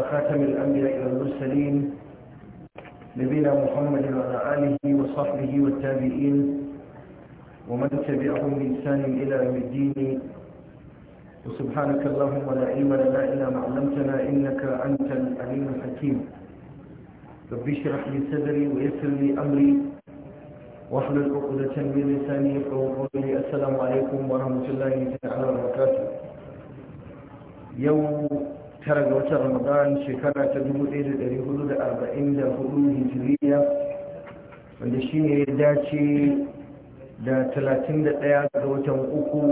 وخاتم الأنبياء والمرسلين نبينا محمد وعلى آله وصحبه والتابعين ومن تبعهم بإنسان إلى يوم الدين وسبحانك اللهم لا علم لنا إلا ما علمتنا إنك أنت العليم الحكيم رب اشرح لي صدري ويسر لي أمري واحلل عقدة من لساني يفقهوا قولي السلام عليكم ورحمة الله تعالى وبركاته يوم tara ga watan ramadan shekara ta 1444 hijiriya wanda shi ne ya dace da 31 ga watan uku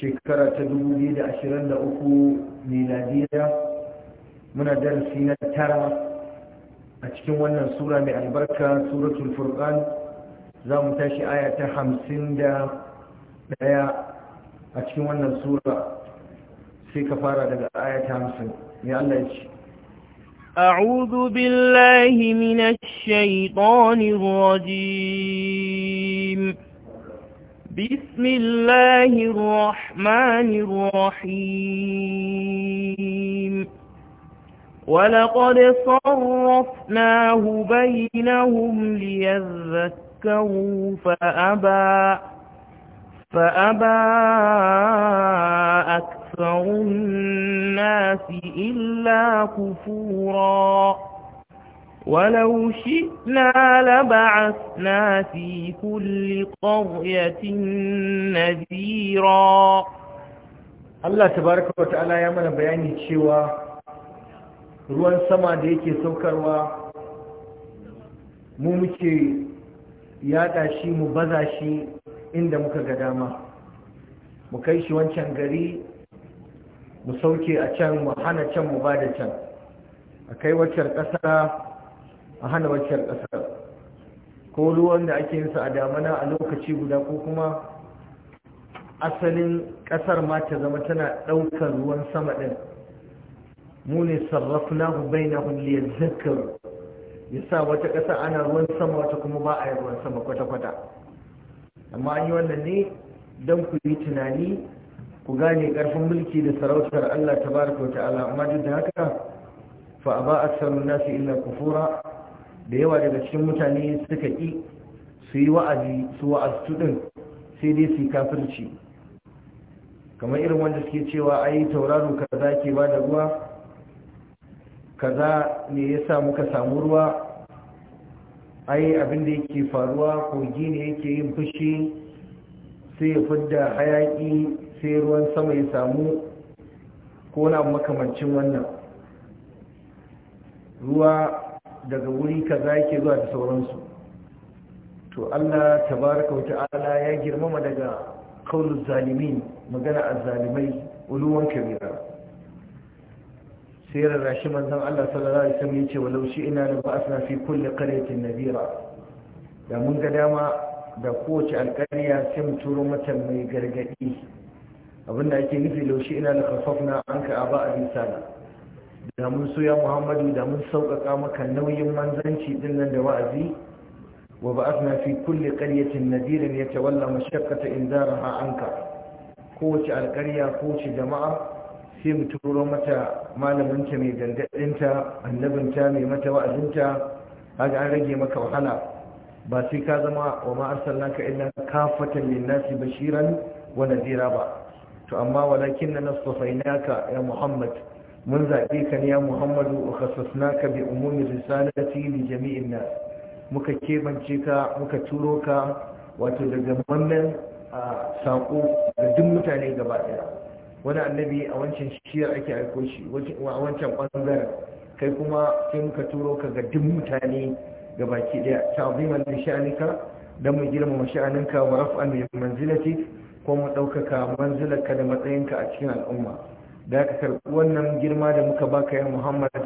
shekara ta 2023 miladiya muna darasi na tara a cikin wannan sura mai albarka suratul furqan za mu tashi aya ta 51 a cikin wannan sura في كفارة آية daga ayata hamsin ya أعوذ بالله من الشيطان الرجيم بسم الله الرحمن الرحيم ولقد صرفناه بينهم ليذكروا فأبى فأبى أكثر الناس إلا كفورا ولو شئنا لبعثنا في كل قرية نذيرا Allah tabaraka wa ta'ala ya mana bayani cewa ruwan sama da yake saukarwa mu muke yada shi mu baza shi inda muka ga dama mu kai shi wancan gari mu sauke a can mu hana can mu bada can a kai waccan ƙasa a hana waccan ƙasar ko ruwan da ake yinsa a damana a lokaci guda ko kuma asalin ƙasar ma ta zama tana ɗaukar ruwan sama ɗin mu ne na sarrafnahu zakar. Ya sa wata ƙasa ana ruwan sama wata kuma ba a yi ruwan sama kwata-kwata amma an yi wannan ne don ku yi tunani ku gane karfin mulki da sarautar Allah ta wata ta'ala amma duk da haka fa ba a aktsaru nasu illa kufura da yawa daga cikin mutane suka ki su yi wa'azi su wa'azi din sai dai su yi kafirci kamar irin wanda suke cewa a yi tauraro kaza ke ba da ruwa kaza ne ya sa muka samu ruwa ai abin da yake faruwa kogi ne yake yin fushi sai ya hayaki sai ruwan sama ya samu ko na makamancin wannan ruwa daga wuri kaza yake zuwa da sauransu to Allah tabaraka wa ta'ala ya girmama daga kaulul zalimin magana zalimai uluwan kabira sai rarrashi manzon Allah sallallahu alaihi wasallam yace walau shi ina la ba'athna fi kulli qaryatin nadira da mun ga dama da kowace alƙarya sai mu turo mata mai gargaɗi abinda ake nufi laushi ina la khafafna anka a abin sana da mun so Muhammadu da mun sauƙaƙa maka nauyin manzanci din nan da wa'azi wa ba'athna fi kulli qaryatin nadiran yatawalla mashaqqata inzaraha anka kowace alƙarya kowace jama'a sai mu turo mata malaminta mai gargadinta annabinta mai mata wa'azinta haka an rage maka wahala ba sai ka zama wa ma naka illa kafatan lin-nasi bashiran wa nadhira ba to amma walakin nastafainaka ya muhammad mun zaɓe ka ne ya muhammadu wa khassasnaka bi umumi risalati li jami'in nas muka kebance ka muka turo ka wato daga mamman sako ga duk mutane gaba ɗaya. wani annabi a wancan shiyar ake aiko shi a wancan bangaren kai kuma sai muka turo ka ga duk mutane ga baki daya ta'ziman li sha'anika don mu girmama sha'aninka wa raf'an min manzilati ko mu daukaka manzilarka da matsayinka a cikin al'umma da ka karbi wannan girma da muka baka ya Muhammad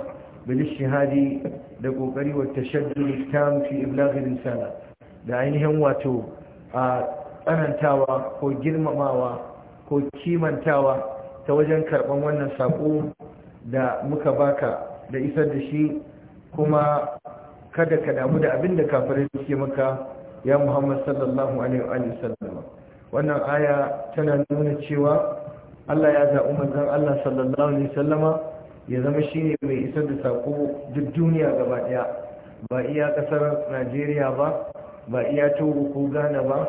bil shahadi da kokari wa tashaddud tam fi iblagh risala da ainihin wato a tsanantawa ko girmamawa ko kimantawa ta wajen karɓar wannan saƙo da muka baka da isar da shi kuma kada ka damu da abin da kafirai suke maka ya muhammad sallallahu alaihi wasallam wannan aya tana nuna cewa allah ya zaɓi manzon allah sallallahu alaihi wasallama ya zama shine mai isar da saƙo duk duniya gaba ɗaya ba iya ƙasar najeriya ba ba iya togo ko ghana ba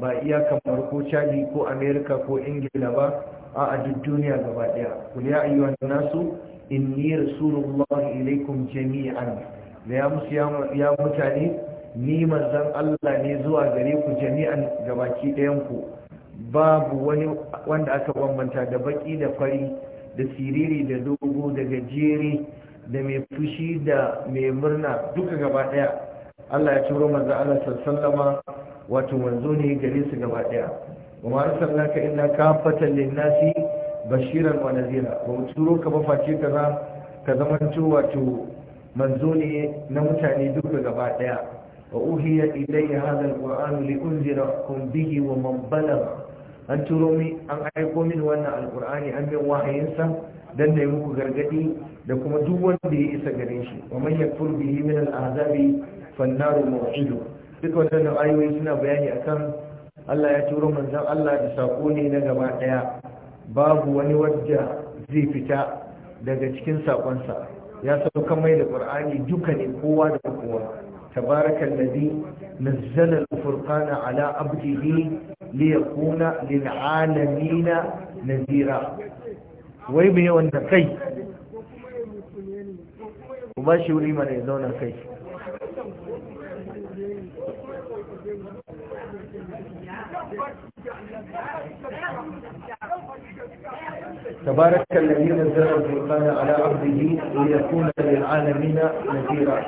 ba iya kamar ko chadi ko Amerika ko ingila ba a duk duniya gaba daya kul ya ayyuhan nasu inni rasulullahi ilaikum jami'an da ya ya mutane ni manzan Allah ne zuwa gare ku jami'an gabaki ɗayan ku babu wani wanda aka bambanta da baki da fari da siriri da dogo da gajere da mai fushi da mai murna duka gaba daya Allah ya turo maza Allah sallallahu wato manzo ne gare su gaba daya kuma arsalnaka illa kafatan linnasi bashiran wa nadhira ba mu turo ka ba face za ka zamanto wato manzo ne na mutane duka gaba daya wa uhiya ilayya hadha alquran li unzirakum bihi wa man balagha an turo mi an aiko min wannan alqur'ani an min wahayinsa dan da muku gargadi da kuma duk wanda ya isa gare shi wa man yakfur bihi min al'azabi fannaru maw'idu duk waɗannan ayoyi suna bayani akan Allah ya turo manzon Allah da sako ne na gaba ɗaya babu wani wadda zai fita daga cikin saƙonsa. ya sauka mai da ƙur'ani duka ne kowa da kowa tabarakan ladi nazzala furqana ala abdihi li yakuna lil alamin nazira wai me wannan kai ku ba shi wuri mana ya zauna kai تبارك الذي نزل الفرقان على عبده ليكون للعالمين نذيرا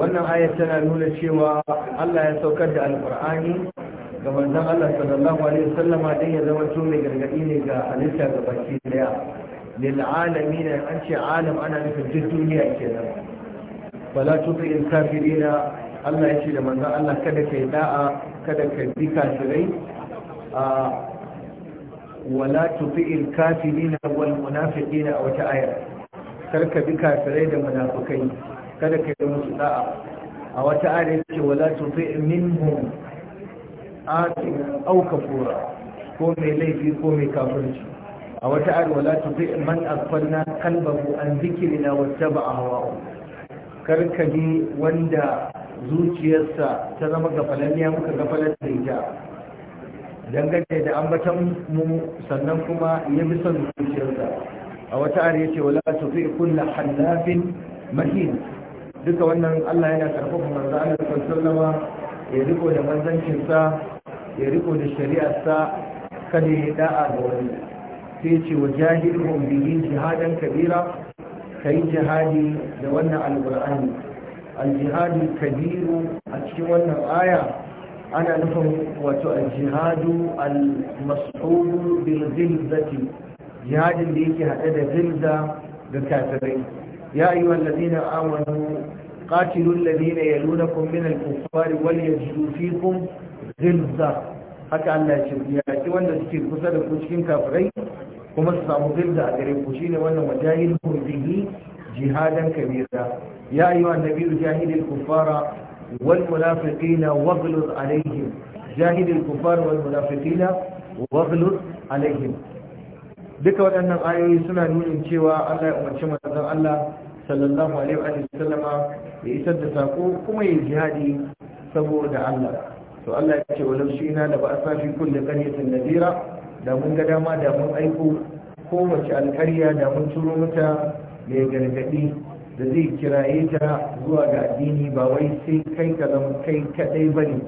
wannan aya tana nuna cewa Allah ya saukar da ga manzon Allah sallallahu alaihi wasallam din ya zama to mai gargadi ne ga halitta ga baki daya lil alamin an ce alam ana nufin duk duniya kenan fala tuti al kafirina Allah ya ce da manzon Allah kada kai da'a kada kai bi kafirai a wala tuti al kafirina wal munafiqina a wata aya kar ka bi kafirai da munafikai kada kai yi musu da'a a wata aya ce wala tuti minhum atin auka kafura ko mai laifi ko mai kafirci a wata ayar wala tuti man asfalna qalbahu an dhikrina wattaba'a hawahu karkaje wanda zuciyarsa ta zama gafalanniya muka gafalar da ita dangane da ambatan mu sannan kuma ya bi son zuciyarsa a wata ayar yace wala tuti kulla hannafin mahin duka wannan Allah yana karfafa manzo Allah sallallahu alaihi ya riko da manzancinsa ya riko da shari'arsa kada ya da'a ga wani sai ce wa jahilhum bihi jihadan kabira kai jihadi da wannan alqur'ani aljihadu kabiru a cikin wannan aya ana nufin wato aljihadu almas'ulu bil jihadin da yake hade da zilza da kafirai ya ayyuhallazina amanu قاتلوا الذين يلونكم من الكفار وليجدوا فيكم غلظة haka Allah ya ce ya ki wanda suke kusa da ku cikin kafirai kuma su samu gilda a gare ku shine wannan wajahil bihi jihadan kabira ya ayyuha annabiyyu jahidil kuffara wal duka waɗannan ayoyi suna nuna cewa Allah ya umarci manzon Allah sallallahu alaihi wa sallama ya isar da sako kuma ya jihadi saboda Allah to Allah ya ce walau shi na da ba a safi kullu qaryatin nadira da mun ga dama da mun aiko kowace alƙarya da mun turo mata mai gargadi da zai kiraye ta zuwa ga addini ba wai sai kai ka zama kai kadai bane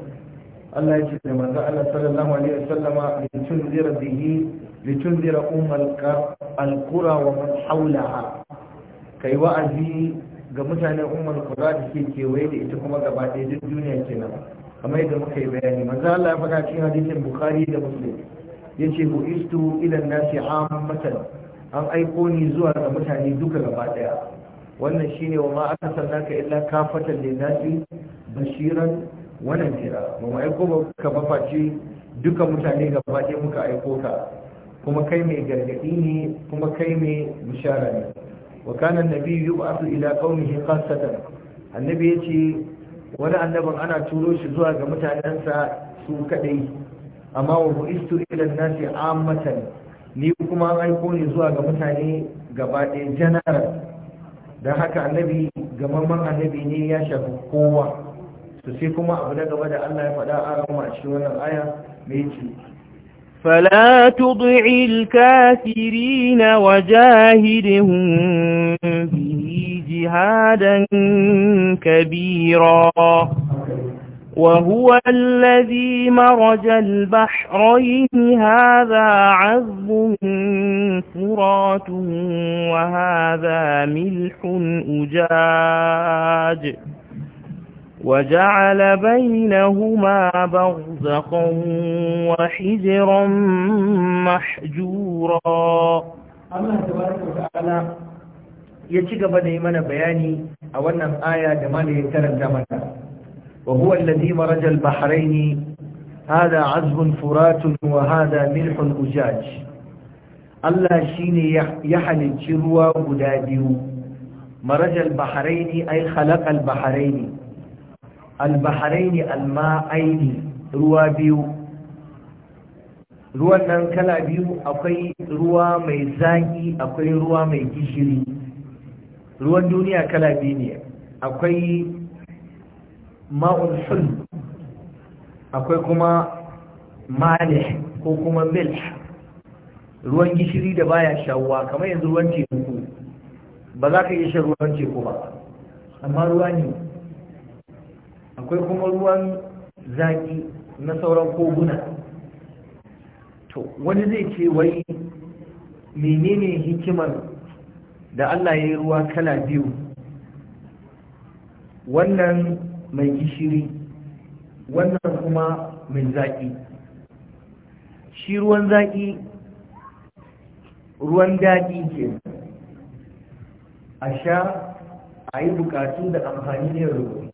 Allah ya ce da manzo Allah sallallahu alaihi wa sallama litun zira bihi litun zira ummal qura wa man hawlaha ka yi wa'azi ga mutanen umar kura da ke kewaye da ita kuma gaba ɗaya duk duniya kenan kamar yadda muka yi bayani maza Allah ya faɗa cikin hadisin bukhari da muslim ya ce bu istu ilan nasi ammatan an aiko ni zuwa ga mutane duka gaba ɗaya wannan shine wa ma aka sanna ka illa kafatan lin nasi bashiran wa nadira ba mu aiko ba ka mafaci duka mutane gaba ɗaya muka aiko ka kuma kai mai gargaɗi ne kuma kai mai bishara ne wa kana annabi yub'athu ila qaumihi khassatan annabi yace wani annabin ana turo shi zuwa ga mutanensa su kadai amma wa bu'istu ila an-nasi ammatan ni kuma an aiko ne zuwa ga mutane gaba ɗaya janaral. don haka annabi gamamman annabi ne ya shafi kowa Su sai kuma abu na gaba da Allah ya faɗa a cikin wannan aya mai ce فلا تضع الكافرين وجاهدهم به جهادا كبيرا وهو الذي مرج البحرين هذا عذب فرات وهذا ملح أجاج وجعل بينهما برزقا وحجرا محجورا Allah tabaraka wa ta'ala ya ci gaba da yi mana bayani a wannan aya da malayin karanta mana wa huwa alladhi maraja al-bahrayn hada azbun furatun wa hada milhun ujaj Allah shine ya halicci ruwa guda biyu maraja al-bahrayn ay khalaqa al-bahrayn albaharaini alma'aini ruwa biyu ruwan nan kala biyu akwai ruwa mai zaki akwai ruwa mai gishiri ruwan duniya kala biyu ne akwai ma'ul sul akwai kuma malih ko kuma milh ruwan gishiri da baya shawuwa kamar yanzu ruwan teku ba za ka iya shan ruwan teku ba amma ruwa ne akwai kuma ruwan zaki na sauran koguna to wani zai ce wai menene hikimar da Allah ya yi ruwa kala biyu wannan mai gishiri wannan kuma mai zaki shi ruwan zaki ruwan daɗi ke a sha a yi bukatu da amfani da ruwa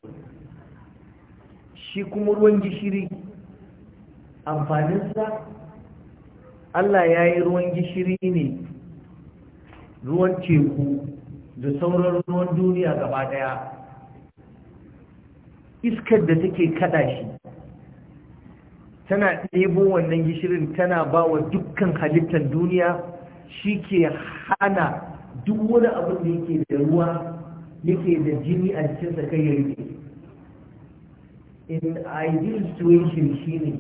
shi kuma ruwan gishiri amfaninsa Allah ya yi ruwan gishiri ne ruwan teku da sauran ruwan duniya gaba daya iskar da take kada shi tana ɗebo wannan gishirin tana ba wa dukkan halittar duniya shi ke hana duk wani abin da yake da ruwa yake da jini a cikinsa kai ya in ideal situation shine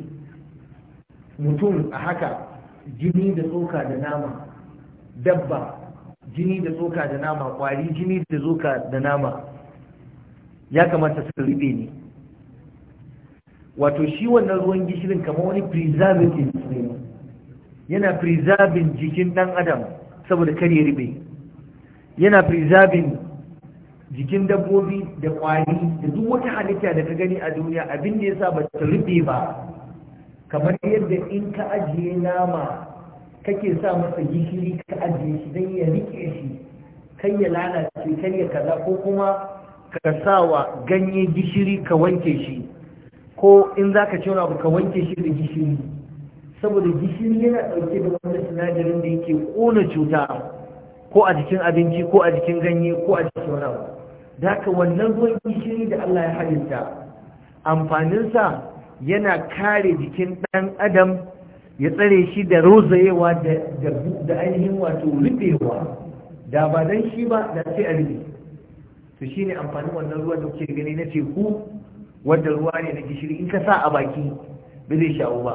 mutum a haka jini da tsoka da nama dabba jini da tsoka da nama kwari jini da tsoka da nama ya kamata su riɓe ne wato shi wannan ruwan gishirin kamar wani preservative ne yana preserving jikin ɗan adam saboda kare ya riɓe yana preserving jikin dabbobi da kwari da duk wata halitta da ka gani a duniya abin da yasa ba ta rufe ba kamar yadda in ka ajiye nama kake sa masa gishiri ka ajiye shi don ya rike shi kan ya lalace kan ya kaza ko kuma ka sa wa ganye gishiri ka wanke shi ko in za ka ci wani abu ka wanke shi da gishiri saboda gishiri yana ɗauke da wani sinadarin da yake ƙona cuta ko a jikin abinci ko a jikin ganye ko a jikin wani abu da haka wannan ruwan gishiri da Allah ya halitta amfaninsa yana kare jikin ɗan adam ya tsare shi da rozayewa da ainihin wato rufewa da ba don shi ba da sai a rufe to shi ne amfanin wannan ruwan da kuke gani na teku wadda ruwa ne na gishiri in ka sa a baki ba zai shawo ba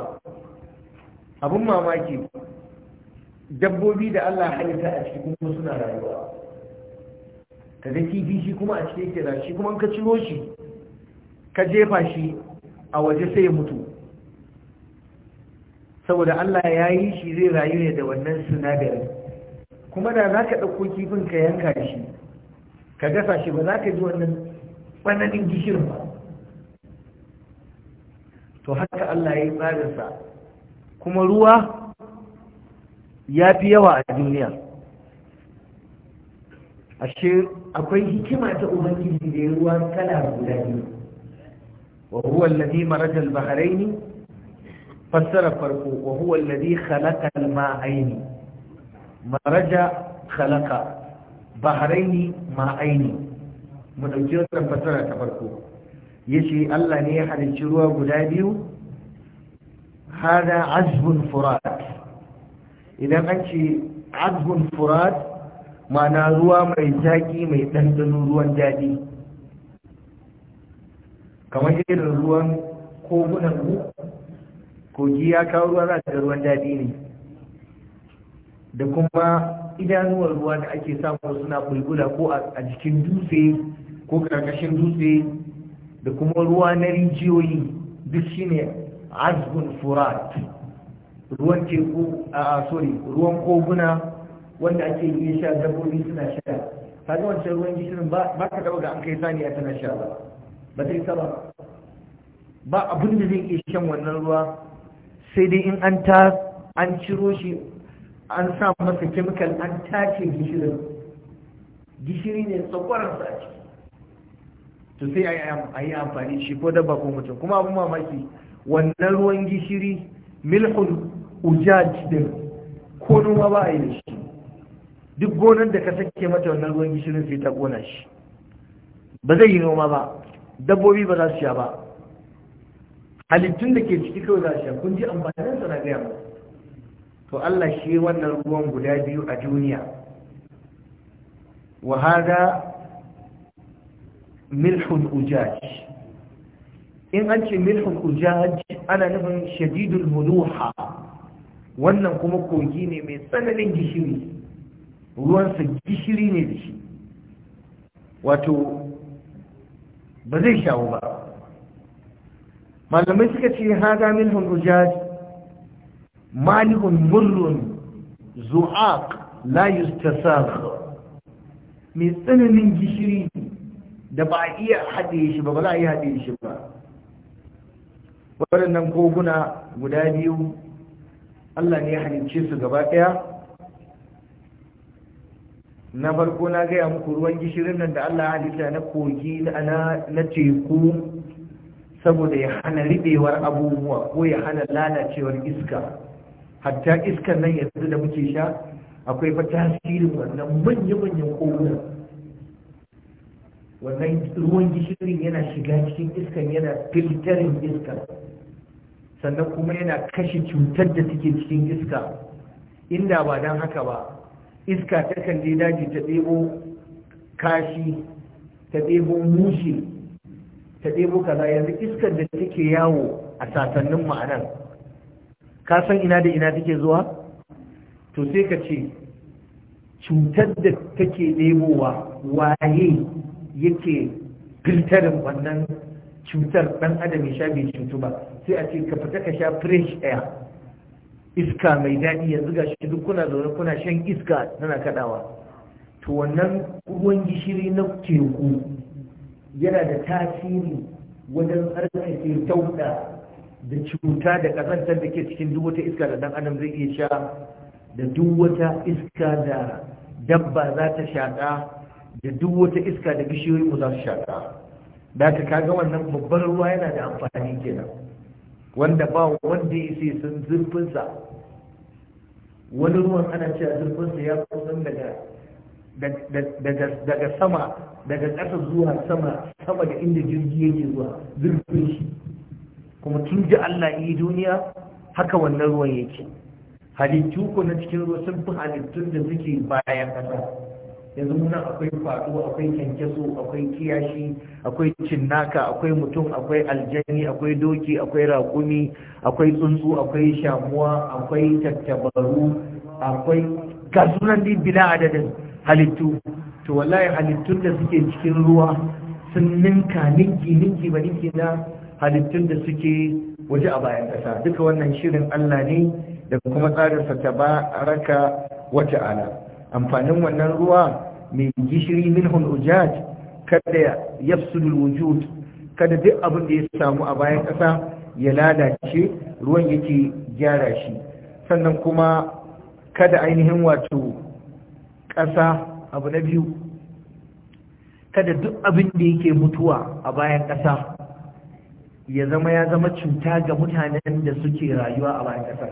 abin mamaki dabbobi da Allah ya halitta a cikin kuma suna rayuwa ka ga kifi shi kuma a cikin kira shi kuma ka ciro shi ka jefa shi a waje sai ya mutu saboda Allah ya yi shi zai rayu ne da wannan sinadarin kuma da za ka ɗauko kifin ka yanka shi ka gasa shi ba za ka ji wannan tsananin gishir ba to haka Allah ya yi tsarinsa kuma ruwa ya fi yawa a duniya ashe akwai hikima ta ubangiji da ya ruwa kala guda biyu wa huwa alladhi maraja al-bahrayn fassara farko wa huwa alladhi khalaqa al-ma'ayn maraja khalaqa bahrayn ma'ayn mu dauki wannan fassara ta farko yace Allah ne ya halicci ruwa guda biyu hada azbun furat idan an ce azbun furat mana ruwa mai zaƙi mai ɗanɗano ruwan daɗi kamar irin ruwan kogunan ku kogi ya kawo ruwa za ta ruwan daɗi ne da kuma idanuwar ruwa da ake samu suna bulbula ko a jikin dutse ko karkashin dutse da kuma ruwa na rijiyoyi duk shine azgun furat ruwan teku a sorry ruwan koguna wanda ake yi sha dabbobi suna sha ka ga wancan ruwan gishirin ba ka taba ga an kai saniya tana sha ba ba ta isa ba ba abin da zai iya shan wannan ruwa sai dai in an ta an ciro shi an sa masa kemikal an tace gishirin gishiri ne tsakwarar a ciki to sai a yi amfani shi ko dabba ko mutum kuma abin mamaki wannan ruwan gishiri milhul ujaj din ko noma ba a yi da shi duk gonar da ka sake mata wannan ruwan gishirin sai ta gona shi ba zai yi noma ba dabbobi ba za su sha ba halittun da ke ciki kawai za su sha kun ji amfanin sa na gaya mu to Allah shi wannan ruwan guda biyu a duniya wa hada milhun ujaj in an ce milhun ujaj ana nufin shadidul muluha wannan kuma kogi ne mai tsananin gishiri ruwansa gishiri ne da shi wato ba zai shawo ba malamai suka ce haga milhun rujaj malihun murrun zu'aq la yustasakh mai tsananin gishiri da ba a iya haɗe shi ba ba za a iya haɗe shi ba waɗannan koguna guda biyu Allah ne ya halicce su gaba ɗaya na farko na gaya muku ruwan gishirin nan da Allah halitta na kogi na teku saboda ya hana ribewar abubuwa ko ya hana lalacewar iska hatta iskar nan yanzu da muke sha akwai fa tasirin wannan manya-manyan koguna wannan ruwan gishirin yana shiga cikin iskan yana filtarin iskar sannan kuma yana kashe cutar da take cikin iska inda ba don haka ba iska takan je daji ta ɗebo kashi ta ɗebo mushi ta ɗebo kaza yanzu iskar da take yawo a sasannin ma'anar. ka san ina da ina take zuwa to sai ka ce cutar da take ɗebowa waye yake filtarin wannan cutar ɗan adam ya sha bai cutu ba sai a ce ka fita ka sha fresh air iska mai daɗi yanzu ga shi duk kuna zaune kuna shan iska tana kaɗawa to wannan ruwan gishiri na teku yana da tasiri wajen tsarkake tauɗa da cuta da ƙazantar da ke cikin duk wata iska da ɗan adam zai iya sha da duk wata iska da dabba za ta shaƙa da duk wata iska da bishiyoyi mu za su shaƙa da ka kaga wannan babban ruwa yana da amfani kenan wanda ba wanda ya ce sun zurfinsa wani ruwan ana cewa zurfinsa ya kusan daga sama daga ƙasa zuwa sama sama da inda jirgi yake zuwa zurfin shi kuma tun ji Allah yi duniya haka wannan ruwan yake halittu ko na cikin ruwa sun fi halittun da suke bayan ƙasa yanzu muna akwai faɗo akwai kyankyaso akwai kiyashi akwai cinnaka akwai mutum akwai aljani akwai doki akwai raƙumi akwai tsuntsu akwai shamuwa akwai tattabaru akwai gasunan din bila adadin halittu to wallahi halittun da suke cikin ruwa sun ninka ninki ninki ba ninki na halittun da suke waje a bayan ƙasa duka wannan shirin Allah ne da kuma tsarinsa raka wata ta'ala amfanin wannan ruwa mai gishiri minhun ujaj kada ya yafsudul wujud kada duk abin da ya samu a bayan kasa ya lalace ruwan yake gyara shi sannan kuma kada ainihin wato ƙasa abu na biyu kada duk abin da yake mutuwa a bayan ƙasa ya zama ya zama cuta ga mutanen da suke rayuwa a bayan kasa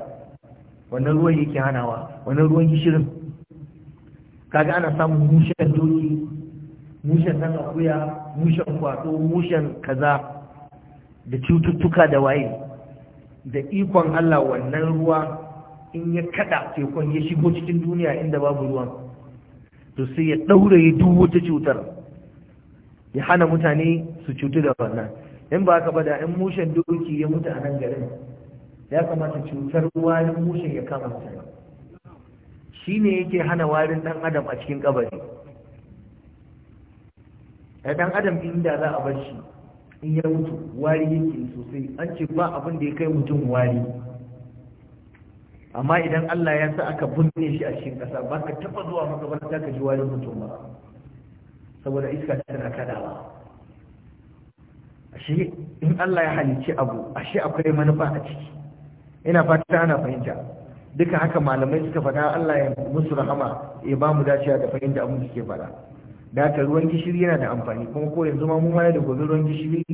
wannan ruwan yake hanawa wannan ruwan gishirin kaga ana samun mushen doki mushen nan akuya mushen kwato mushen kaza da cututtuka da waye da ikon Allah wannan ruwa in ya kada tekun ya shigo cikin duniya inda babu ruwan to sai ya ya duk wata cutar ya hana mutane su cutu da wannan in ba ka da in mushen doki ya mutu a nan garin ya kamata cutar ruwa mushen ya kama mutane Shi ne yake hana warin ɗan adam a cikin ƙabari. da ɗan adam inda za a bar shi in ya mutu wari yake sosai an ce ba abin da ya kai mutum wari amma idan Allah ya sa aka binne shi a cikin ƙasa ba ka taɓa zuwa makabarta ka ji warin mutum ba saboda iska tana kadawa ashe in Allah ya halicci abu ashe akwai manufa a ciki ina fata ana fahimta duka haka malamai suka faɗa Allah ya musu rahama ya ba mu dace da fahimta abin da suke faɗa da haka ruwan gishiri yana da amfani kuma ko yanzu ma mu mana da gobe ruwan gishiri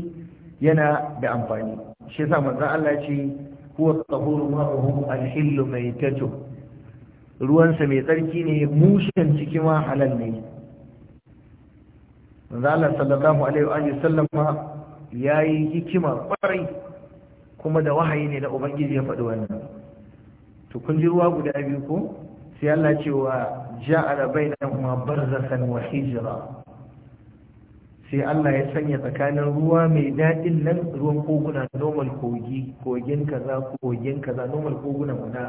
yana da amfani shi yasa manzon Allah ya ce huwa tahuru huwa al-hillu maytatu ruwan sa mai tsarki ne mushin cikin ma halal ne manzon Allah sallallahu alaihi wa sallam yayi hikima kwarai kuma da wahayi ne da ubangiji ya faɗi wannan to kun ji ruwa guda biyu ko sai Allah cewa ja'ala bainahuma barzakhan wa hijra sai Allah ya sanya tsakanin ruwa mai daɗin nan ruwan koguna normal kogi kogin kaza kogin kaza normal koguna guda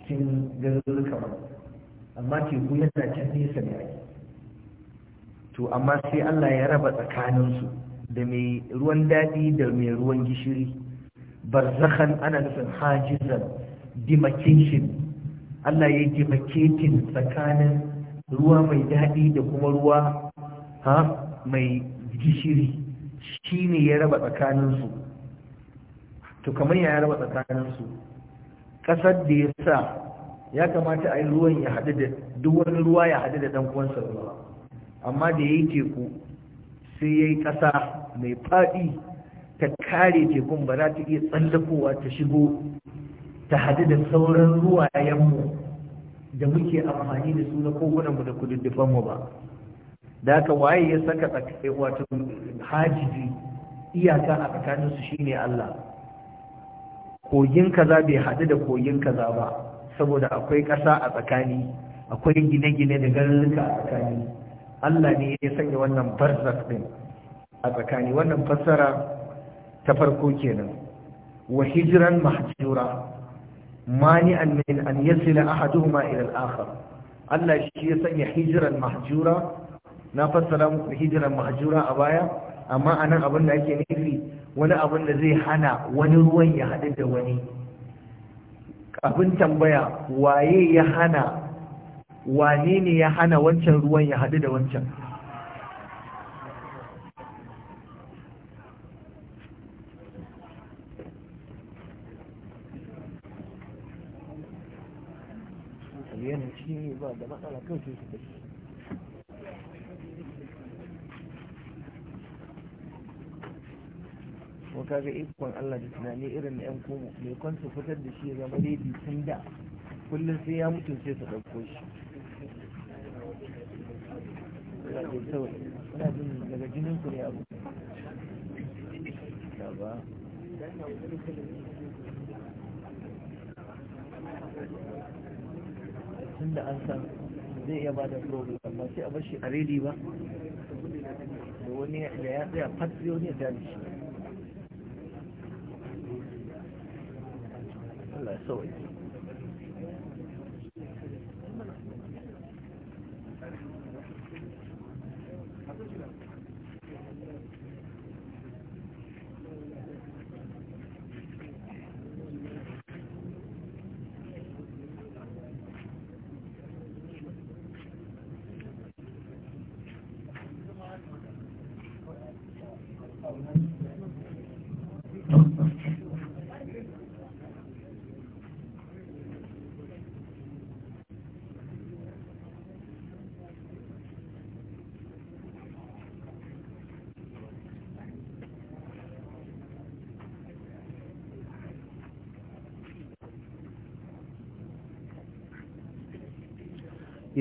cikin garuruka kamar. amma teku yana can nesa ne to amma sai Allah ya raba tsakaninsu da mai ruwan daɗi da mai ruwan gishiri barzakhan ana nufin hajizan demarcation Allah ya yi demarcating tsakanin ruwa mai daɗi da kuma ruwa mai gishiri shi ne ya raba tsakaninsu to kamar ya raba tsakaninsu ƙasar da ya sa ya kamata a yi ruwan ya haɗu da duk wani ruwa ya haɗu da ɗan uwansa ruwa amma da ya yi teku sai ya yi ƙasa mai faɗi ta kare tekun ba za ta iya tsallakowa ta shigo ta hadu da sauran ruwayenmu da muke amfani da suna kogunanmu da kududdufanmu ba da haka waye ya saka wato hajiji iyaka a tsakaninsu shine Allah kogin kaza bai hadu da kogin kaza ba saboda akwai ƙasa a tsakani akwai gine-gine da garurruka a tsakani Allah ne ya sanya wannan barzak din a tsakani wannan fassara ta farko kenan wa hijran mahjura mani'an min an yasila ahaduhuma ila al-akhar Allah shi ya sanya hijran mahjura na fassara muku hijran mahjura a baya amma anan abin da ake nufi wani abin da zai hana wani ruwan ya haɗu da wani abin tambaya waye ya hana wane ne ya hana wancan ruwan ya haɗu da wancan shi ne ba da matsala kan sai su bashi ko kaga ikon Allah da tunani irin yan komo mai kwan su fitar da shi zama daidai tun da kullum sai ya mutu sai su ɗauko shi ina jin daga jinin ku ne abu ba Thank you. tun da an san zai iya bada problem ba sai a bar shi a rili ba da wani da ya tsaya patriot ne ya shi Allah ya sauwa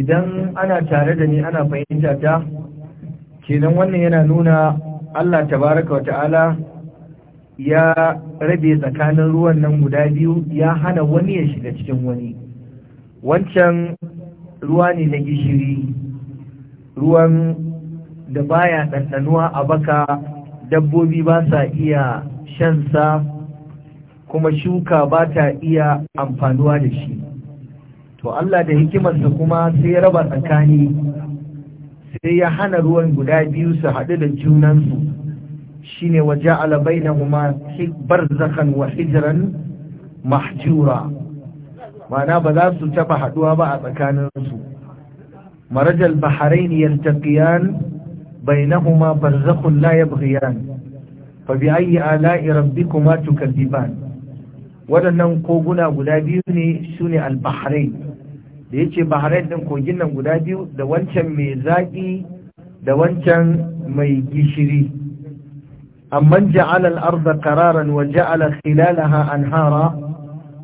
idan ana tare da ni ana fahimta ta kenan wannan yana nuna Allah tabaraka wata'ala ya rabe tsakanin ruwan nan guda biyu ya hana wani ya shiga cikin wani wancan ruwa ne na gishiri ruwan da baya ɗanɗanuwa a baka dabbobi ba sa iya shansa kuma shuka ba ta iya amfanuwa da shi to Allah da hikimarsa kuma sai ya raba tsakani sai ya hana ruwan guda biyu su haɗu da junansu ne waje alabai na kuma zakan wa hijiran mahjura mana ba za su tafa haɗuwa ba a tsakaninsu marajal baharai ne yantaƙiyan bai na kuma barzakun zakun layab buhiyan Ba bi ayi ala'i rabbi kuma tukalliban waɗannan koguna guda biyu ne su ne al-bahrain da ce bahrain din kogin nan guda biyu da wancan mai zaƙi da wancan mai gishiri amma ja'ala al-ardha qararan wa ja'ala khilalaha anhara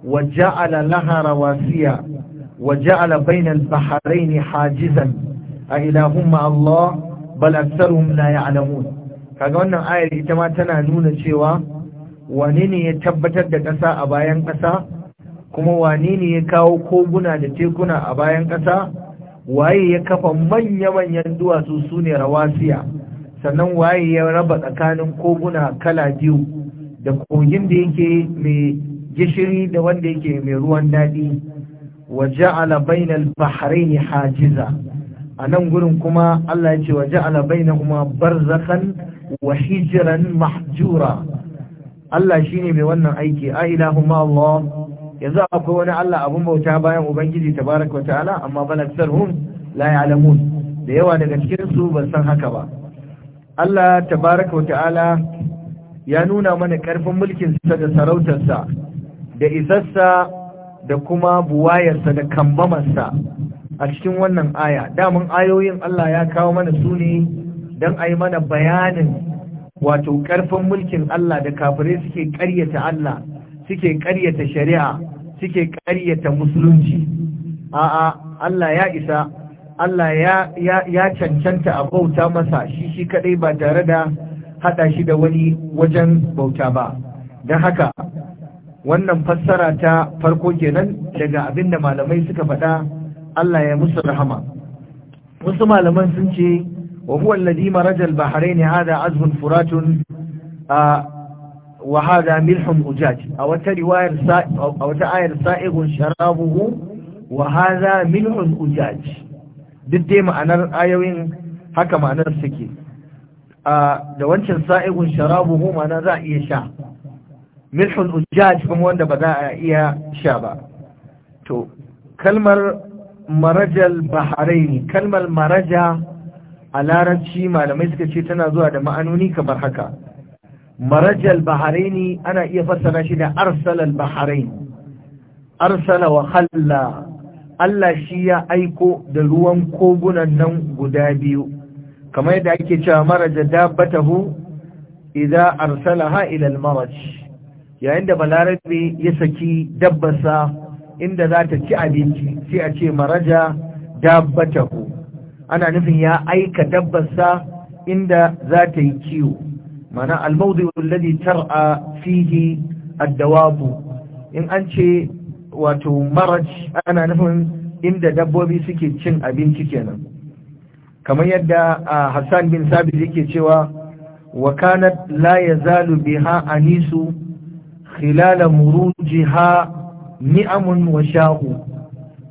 wa ja'ala laha rawasiya wa ja'ala bayna al hajizan a ilahumma Allah bal aktharuhum la ya'lamun kaga wannan ayar ita ma tana nuna cewa wani ne ya tabbatar da ƙasa a bayan ƙasa kuma wane ne ya kawo koguna da tekuna a bayan ƙasa waye ya kafa manya-manyan duwatsu su ne rawasiya sannan waye ya raba tsakanin koguna kala biyu da kogin da yake mai gishiri da wanda yake mai ruwan daɗi wa ja'ala bainal hajiza a nan gurin kuma Allah ya ce wa ja'ala bainahuma barzakhan wa hijran mahjura Allah shine mai wannan aiki a Allah yanzu akwai wani Allah abun bauta bayan ubangiji tabaraka wa ta'ala amma bal hun la alamun. da yawa daga cikinsu ban san haka ba Allah ta baraka wa ta'ala ya nuna mana karfin mulkin da sarautar da isassa da kuma buwayarsa da kambamarsa a cikin wannan aya damun ayoyin Allah ya kawo mana su ne don a yi mana bayanin wato ƙarfin mulkin Allah da kafirai suke karyata Allah suke karyata shari'a suke ƙaryata musulunci a'a Allah ya isa Allah ya cancanta a bauta masa shi shi kadai ba tare da hada shi da wani wajen bauta ba dan haka wannan fassara ta farko kenan daga abin da malamai suka faɗa Allah ya musu rahama wasu malaman sun ce wa huwa alladhi marajal bahrain hada azbun furatun a وهذا ملح milhun أو a wata riwayar a wata ayar sa'igun sharabuhu wa hada milhun ujaj duk ma'anar ayoyin haka ma'anar da wancan sa'igun sharabuhu ma'ana za iya sha milhun ujaj kuma wanda ba za a iya sha ba to kalmar marajal baharaini kalmar maraja a malamai suka ce tana zuwa da ma'anoni kamar haka marajal bahraini ana iya fassara shi da arsalal baharain arsala wa khalla Allah shi ya aiko da ruwan kogunan nan guda biyu kamar yadda ake cewa maraja dabbatahu idan arsalaha ila al-maraj yayin da balarabe ya saki dabbarsa inda za ta ci abinci sai a ce maraja dabbatahu ana nufin ya aika dabbarsa inda za ta yi kiwo mana almawdi alladhi tar'a fihi ad in an ce wato maraj ana nufin inda dabbobi suke cin abinci kenan kamar yadda Hassan bin Sabit yake cewa wa kanat la yazalu biha anisu khilala murujiha ni'amun wa sha'u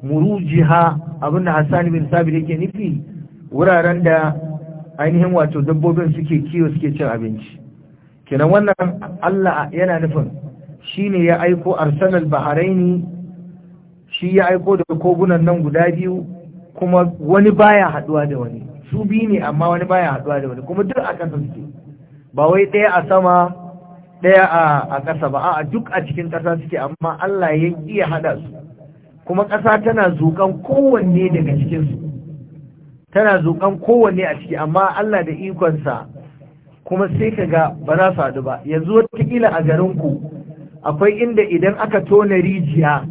murujiha abinda Hassan bin Sabit yake nufi wuraren da ainihin wato dabbobin suke kiwo suke cin abinci kenan wannan Allah yana nufin shi ne ya aiko arsenal Bahraini shi ya aiko da kogunan nan guda biyu kuma wani baya haduwa da wani su bi ne amma wani baya haduwa da wani kuma duk a kasa suke ba wai ɗaya a sama ɗaya a kasa ba a duk a cikin kasa suke amma Allah ya iya haɗa su kuma ƙasa tana zukan kowanne daga cikinsu tana zuƙan kowanne a ciki amma Allah da ikonsa kuma sai ka ga ba za su haɗu ba yanzu watakila a garinku akwai inda idan aka tona rijiya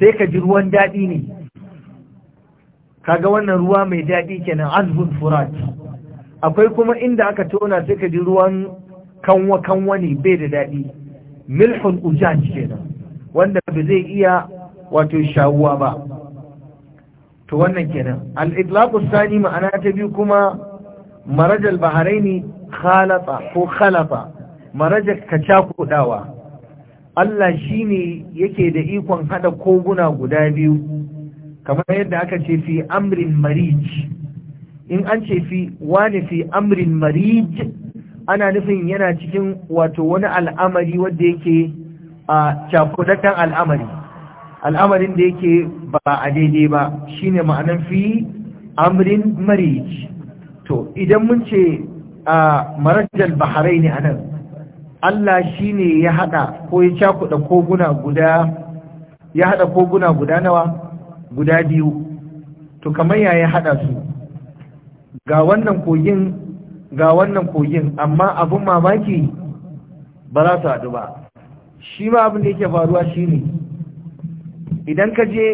sai ka ji ruwan daɗi ne kaga wannan ruwa mai daɗi kenan azbun furat akwai kuma inda aka tona sai ka ji ruwan kanwa kanwa ne bai da daɗi milhun ujaj kenan wanda ba zai iya wato shawuwa ba to wannan kenan al-itlaqu sani ma'ana ta biyu kuma marajal baharaini khalata ko khalafa marajal kacakudawa Allah shine yake da ikon hada koguna guda biyu kamar yadda aka ce fi amrin marij in an ce fi wani fi amrin marij ana nufin yana cikin wato wani al'amari wanda yake a cakudakan al'amari al'amarin da yake ba a daidai ba shine ma'anan fi amrin marij to idan mun ce a marajal baharai ne anan Allah shine ya hada ko ya cakuda koguna guda ya hada koguna guda nawa guda biyu to kamar ya hada su ga wannan kogin ga wannan kogin amma abun mamaki ba za su haɗu ba shi ma abin da yake faruwa shine idan ka je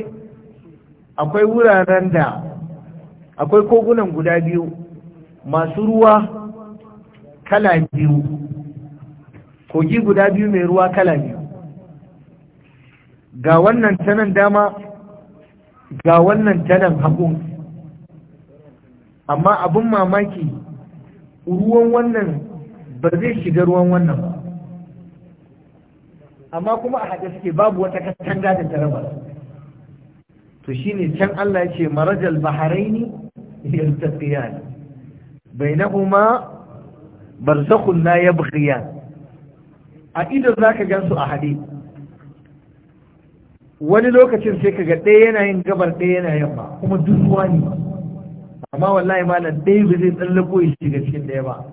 akwai wuraren da akwai kogunan guda biyu masu ruwa kala biyu kogi guda biyu mai ruwa kala biyu ga wannan tanan dama ga wannan tanan hagun amma abin mamaki ruwan wannan ba zai shiga ruwan wannan ba amma kuma a haɗe suke babu wata katanga da ta to shine can Allah ya ce marajal bahraini yaltaqiyan bainahuma barzakhun la yabghiyan a ido zaka gansu a haɗe. wani lokacin sai kaga ɗaya yana yin gabar ɗaya yana ba kuma duk ruwa ne amma wallahi malam ɗaya ba zai tsallako ya shiga cikin ɗaya ba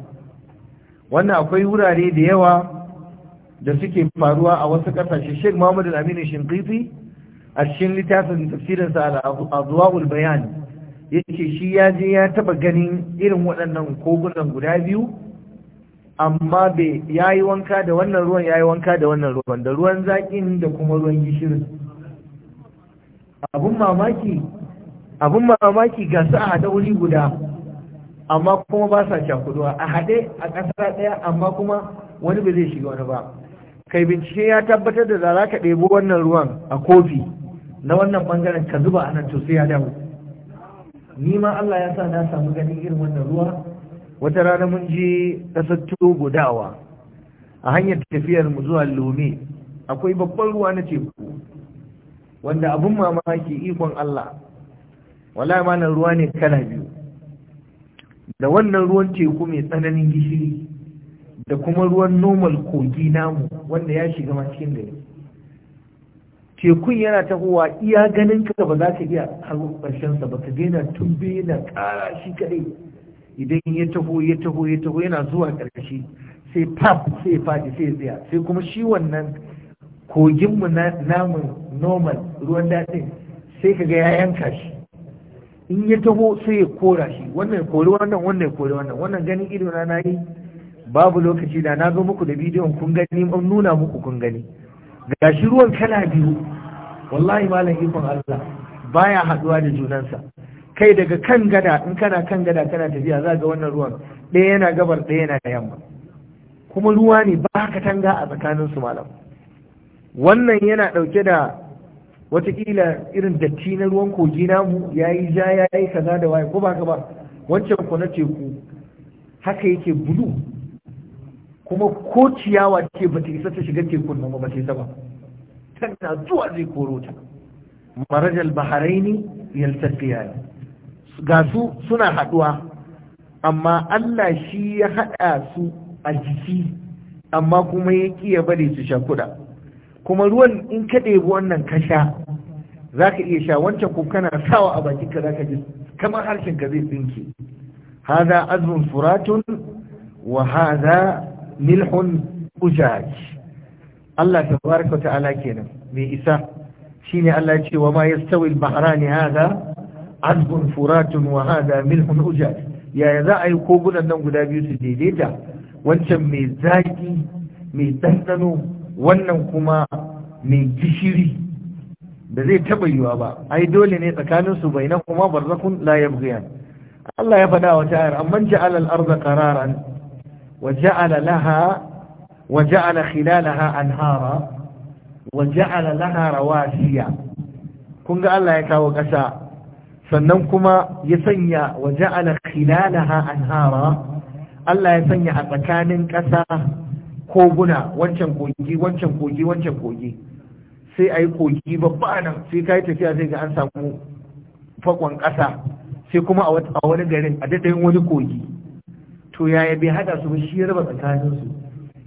wannan akwai wurare da yawa da suke faruwa a wasu ƙasashe shek muhammadu aminu shinkiti a cikin littafin tafsirin sa al-adwaul bayan yake shi ya je ya taba ganin irin waɗannan kogunan guda biyu amma bai yayi wanka da wannan ruwan yayi wanka da wannan ruwan da ruwan zakin da kuma ruwan gishirin abun mamaki abun mamaki ga su a hada wuri guda amma kuma ba sa cakuduwa a haɗe a ƙasa ɗaya amma kuma wani ba zai shiga wani ba kai bincike ya tabbatar da za ka ɗebo wannan ruwan a kofi na wannan bangaren ka zuba anan to sai ya dawo ni ma Allah ya sa na samu ganin irin wannan ruwa wata rana mun je kasar Togo dawa a hanyar tafiyar mu zuwa Lome akwai babban ruwa na teku wanda abun mamaki ikon Allah wala ma nan ruwa ne kala biyu da wannan ruwan teku mai tsananin gishiri da kuma ruwan normal kogi namu wanda ya shiga cikin gari tekun yana tahowa iya ganin ka ba za ka iya ƙarshen sa ba ka daina tumbe na ƙara shi kaɗai idan ya taho ya taho ya taho yana zuwa ƙarshe sai pap sai faɗi sai tsaya sai kuma shi wannan koginmu namun normal ruwan daɗin sai ka ga ya yanka shi in ya taho sai ya kora shi wannan ya kori wannan wannan ya kori wannan wannan ganin ido na na yi babu lokaci da na zo muku da bidiyon kun gani mun nuna muku kun gani ga shi ruwan kala biyu wallahi malam ikon Allah baya haduwa da junansa kai daga kan gada in kana kan gada kana tafiya za ga wannan ruwan ɗaya yana gabar ɗaya yana yamma kuma ruwa ne ba tanga a tsakanin su malam wannan yana ɗauke da watakila irin datti na ruwan kogi namu ya yi ja ya yi kaza da waye ko ba ka ba wancan ku na teku haka yake bulu kuma ko ciyawa ce ba ta isa ta shiga tekun nan ba sai sama tana zuwa zai koro ta marajal baharaini yaltaqiyan ga su suna haɗuwa. amma Allah shi ya haɗa su a jiki amma kuma ya kiya bari su sha kuɗa kuma ruwan in ka ɗebi wannan ka sha za ka iya sha wancan ko kana sawa a ka za ka ji kamar ka zai tsinke Hada azumin furatun wa hada milhun ujaj Allah tabaraka ta'ala kenan mai isa shine Allah ya ce wa ma yastawi al-bahrani hadha azbun furatun wa hadha milhun ujaj yaya za a yi kogunan nan guda biyu su daidaita wancan mai zaki mai ɗanɗano wannan kuma mai gishiri da zai taɓa yiwa ba ai dole ne tsakaninsu bai na kuma barzakun la yabghiyan Allah ya faɗa wa ta'ar amman ja'ala al-ardha qararan وجعل لها وجعل خلالها Allah ya kawo ƙasa sannan kuma ya sanya wa ja'ala khilalaha anhara Allah ya sanya a tsakanin ƙasa koguna wancan kogi wancan kogi wancan kogi sai a yi kogi babba nan sai ka tafiya sai ga an samu fakon ƙasa sai kuma a wani garin a daɗayin wani kogi to yaya bai haɗa su ba shi ya raba tsakaninsu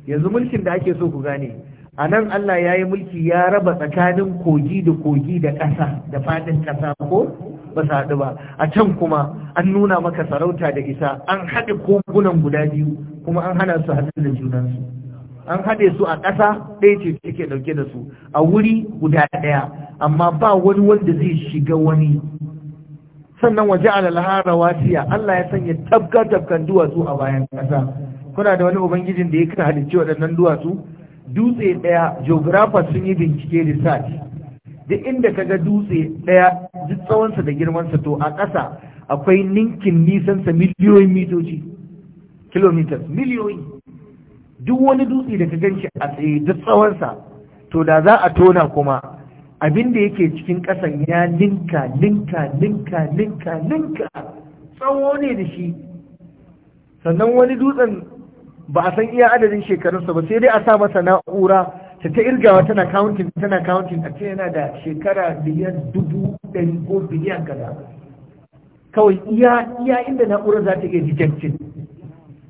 yanzu mulkin da ake so ku gane a nan Allah ya yi mulki ya raba tsakanin kogi da kogi da ƙasa da faɗin ƙasa ko ba su haɗu ba a can kuma an nuna maka sarauta da isa an haɗe kogunan guda biyu kuma an hana su haɗu da junansu an haɗe su a ƙasa ɗaya ce take ɗauke da su a wuri guda ɗaya amma ba wani wanda zai shiga wani sannan waje alalaha wasiya Allah ya sanya tabgar-tabgar duwatsu a bayan ƙasa kuna da wani ubangijin da ya kira halicci waɗannan duwatsu dutse ɗaya geografa sun yi bincike research duk inda ka ga dutse ɗaya duk tsawonsa da girmansa to a ƙasa akwai ninkin nisansa miliyoyin mitoci kilometers miliyoyi duk wani dutse da ka ganshi a tsaye duk tsawonsa to da za a tona kuma abin da yake cikin ƙasan ya linka linka linka linka linka tsawo ne da shi sannan wani dutsen ba a san iya adadin shekarunsa ba sai dai a sa masa na'ura ta ta irgawa tana counting tana counting a ce yana da shekara biliyan dubu ɗari ko biliyan kaza kawai iya iya inda na'urar za ta iya jikancin,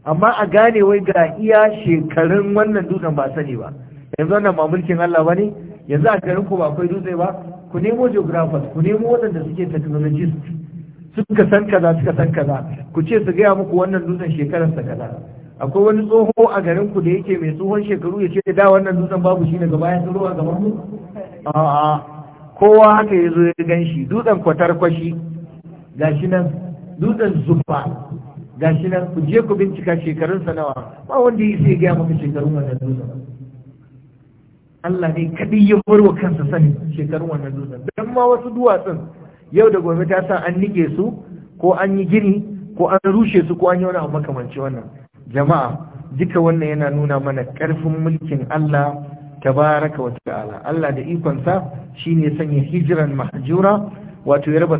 amma a gane wai ga iya shekarun wannan dutsen ba sani ba yanzu wannan mulkin Allah ba ne yanzu a garin ku ba akwai dutse ba ku nemo geographers ku nemo waɗanda suke technologist suka san kaza suka san kaza ku ce su gaya muku wannan dutsen shekarar sa kaza akwai wani tsoho a garin ku da yake mai tsohon shekaru ya ce da wannan dutsen babu shi daga bayan tsoro a gaban mu a'a kowa haka ya zo ya gan shi dutsen kwatar kwashi gashi nan dutsen zuba gashi nan ku je ku bincika shekarunsa nawa ba wanda ya gaya muku shekarun wannan dutsen Allah ne kaɗi ya bar wa kansa sani shekarun wannan dutsen don ma wasu duwatsun yau da gobe ta sa an nike su ko an yi gini ko an rushe su ko an yi wani abu makamanci wannan jama'a duka wannan yana nuna mana ƙarfin mulkin Allah tabaraka wa ta'ala Allah da ikon sa shine sanya hijiran mahjura wato ya raba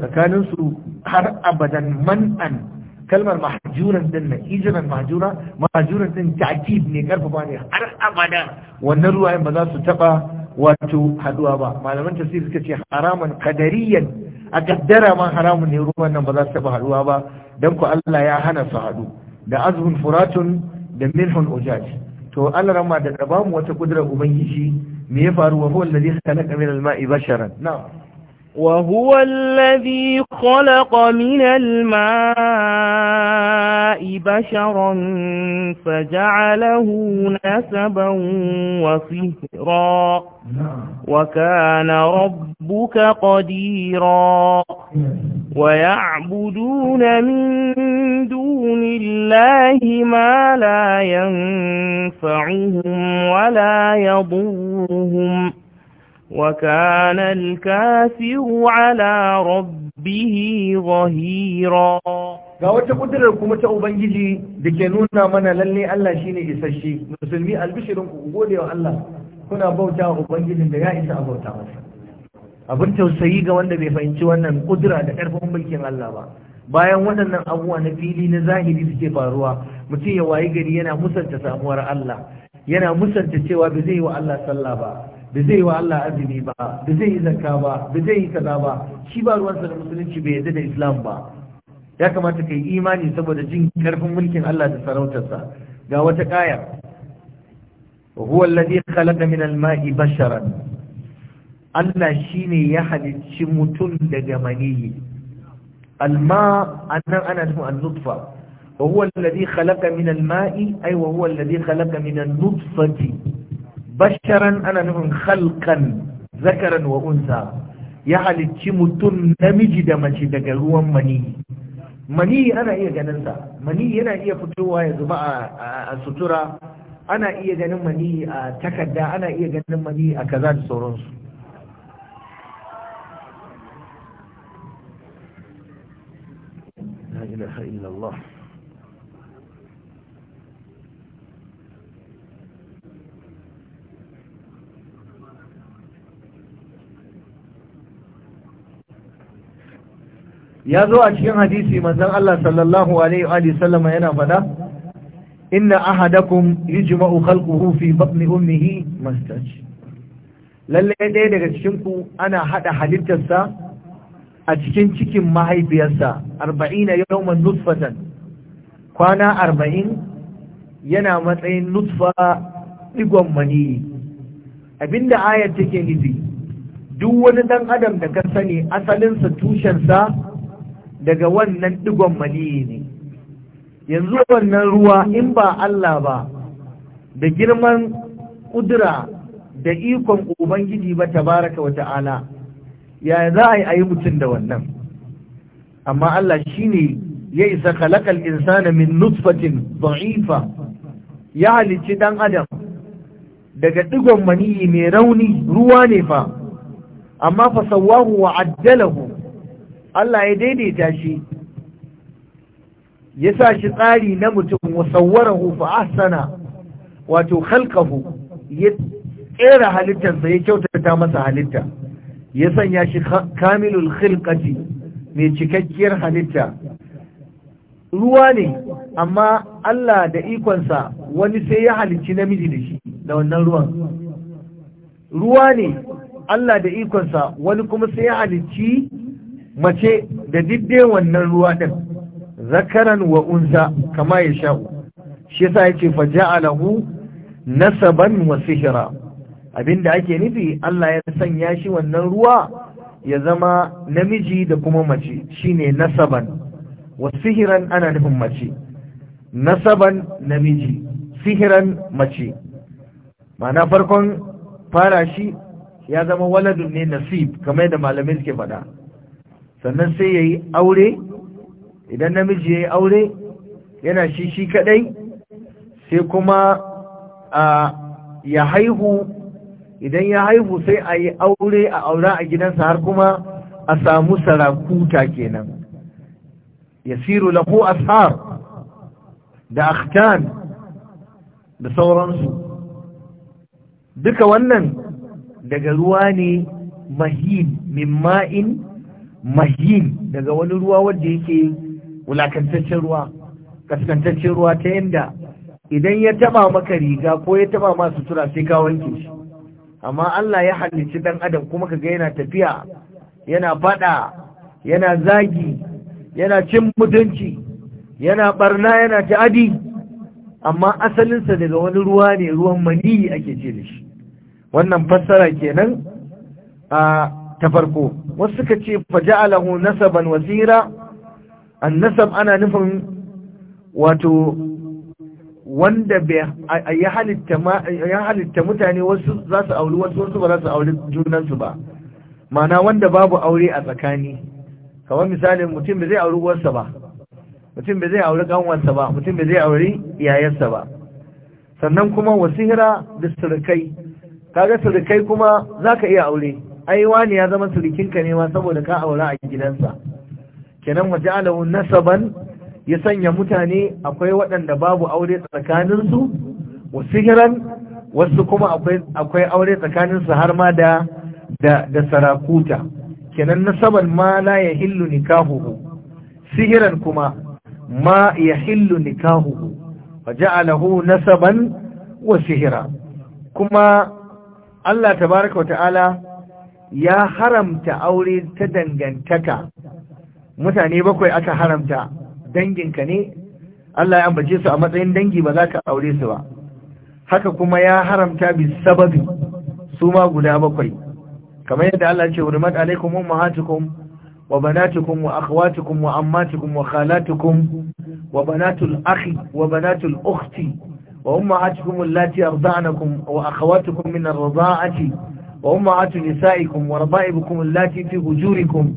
su har abadan man'an kalmar mahjuran din na, hijiran mahjura mahjuran din ta'kid ne karfafa ne har abada wannan ruwayen ba za su taba wato haduwa ba malaman tafsir suka ce haraman qadariyan a kaddara ma haramun ne ruwan nan ba za su taba haduwa ba dan ku Allah ya hana su hadu da azhun furatun da milhun ujaj to Allah rama da bamu wata kudrar ubangiji me ya faru wa huwa allazi khalaqa min al-ma'i basharan na'am وهو الذي خلق من الماء بشرا فجعله نسبا وصهرا وكان ربك قديرا ويعبدون من دون الله ما لا ينفعهم ولا يضرهم وكان الكافر على ربه ظهيرا ga wata kudurar kuma ta ubangiji da ke nuna mana lalle Allah shine isasshe musulmi albishirin ku gode wa Allah kuna bauta wa ubangijin da ya isa a bauta masa abin tausayi ga wanda bai fahimci wannan kudura da karfin mulkin Allah ba bayan waɗannan abubuwa na fili na zahiri suke faruwa mutum ya wayi gari yana musanta samuwar Allah yana musanta cewa ba zai yi wa Allah sallah ba da zai wa Allah azumi ba da zai yi zakka ba da zai yi kaza ba shi ba ruwansa da musulunci bai yarda da islam ba ya kamata ka yi imani saboda jin karfin mulkin Allah da sarautarsa ga wata kaya huwa alladhi khalaqa min al-ma'i basharan Allah shine ya halicci mutum daga maniyi Alma a nan ana nufin al-nutfa wa huwa alladhi khalaqa min al-ma'i ay wa huwa alladhi khalaqa min an basharan ana nufin halkan zakaran wa unsa ya halicci mutum namiji da mace daga ruwan mani mani ana iya ganinsa mani yana iya fitowa ya zuba a sutura ana iya ganin mani a takarda ana iya ganin mani a kaza da sauransu la ilaha illallah ya zo a cikin hadisi manzon Allah sallallahu alaihi wa sallama yana fada inna ahadakum jima'u, khalquhu fi batni ummihi mastaj lalle ɗaya daga cikin ana hada halittarsa a cikin cikin mahaifiyarsa 40 yawman nutfatan kwana arba'in yana matsayin nutfa digon mani abinda ayar take nufi duk wani ɗan adam da ka sani asalinsa tushensa daga wannan digon maniyi ne yanzu wannan ruwa in ba Allah ba da girman kudura da ikon ubangiji ba tabaraka wa ta'ala ya za a yi a yi mutum da wannan amma Allah shine ya isa kalakal insana min nutfatin dha'ifa ya halicci dan adam daga digon maniyi mai rauni ruwa ne fa amma fasawahu wa addalahu Allah ya daidaita shi ya sa shi tsari na mutum musawwarahu a sana wato halkahu ya tsera halittarsa ya kyautata masa halitta ya sanya shi kamilul khilqati mai cikakkiyar halitta ruwa ne amma Allah da ikonsa wani sai ya halicci namiji da shi da wannan ruwan ruwa ne Allah da ikonsa wani kuma sai ya halicci mace da diddai wannan ruwa din zakaran wa unsa kama ya sha'u shi yasa yace fa ja'alahu nasaban wa sihra abinda ake nufi Allah ya sanya shi wannan ruwa ya zama namiji da kuma mace shine nasaban wa sihiran ana nufin mace nasaban namiji sihiran mace Mana farkon fara shi ya zama waladun ne nasib kamar yadda malamai suke faɗa sannan sai ya yi aure idan namiji ya yi aure yana shi shi kadai sai kuma a ya haihu idan ya haihu sai a yi aure a aura a gidansa har kuma a samu sarakuta kenan yasiru lahu ashar da akhtan da sauransu duka wannan daga ruwa ne mahim min ma'in mahin daga wani ruwa wanda yake wulakantaccen ruwa kaskantaccen ruwa ta yanda idan ya taba maka riga ko ya taba ma sutura sai ka wanke shi amma Allah ya halicci dan adam kuma kaga yana tafiya yana fada yana zagi yana cin mutunci yana barna yana ta'adi amma asalinsa daga wani ruwa ne ruwan maniyi ake ce da shi wannan fassara kenan a ta farko wasu suka ce faja'alahu nasaban wasira nasab ana nufin wato wanda ya halitta mutane wasu za su auri wasu wasu ba za su auri junansu ba mana wanda babu aure a tsakani kamar misali mutum bai zai auri uwarsa ba mutum bai zai auri kanwarsa ba mutum bai zai auri iyayensa ba sannan kuma wasira da surukai kaga surukai kuma za ka iya aure ai wani ya zama surikinka ne ma saboda ka aura a gidansa kenan waje alahu nasaban ya sanya mutane akwai waɗanda babu aure tsakaninsu wasu hiran wasu kuma akwai aure tsakaninsu har ma da da sarakuta kenan nasaban ma la ya hillu nikahuhu sihiran kuma ma ya hillu nikahuhu Waje ja'alahu nasaban wa sihira kuma Allah tabaraka wa ta'ala ya haramta aure ta dangantaka mutane bakwai aka haramta danginka ne Allah ya ambace su a matsayin dangi ba za ka aure su ba haka kuma ya haramta bi sababi su ma guda bakwai kamar yadda Allah ce hurmat alaikum ummahatukum wa banatukum wa akhawatukum wa ammatukum wa khalatukum wa banatul akhi wa banatul ukhti wa ummahatukum allati arda'nakum wa min ar-rida'ati وأمهات نسائكم وربائبكم اللاتي في هجوركم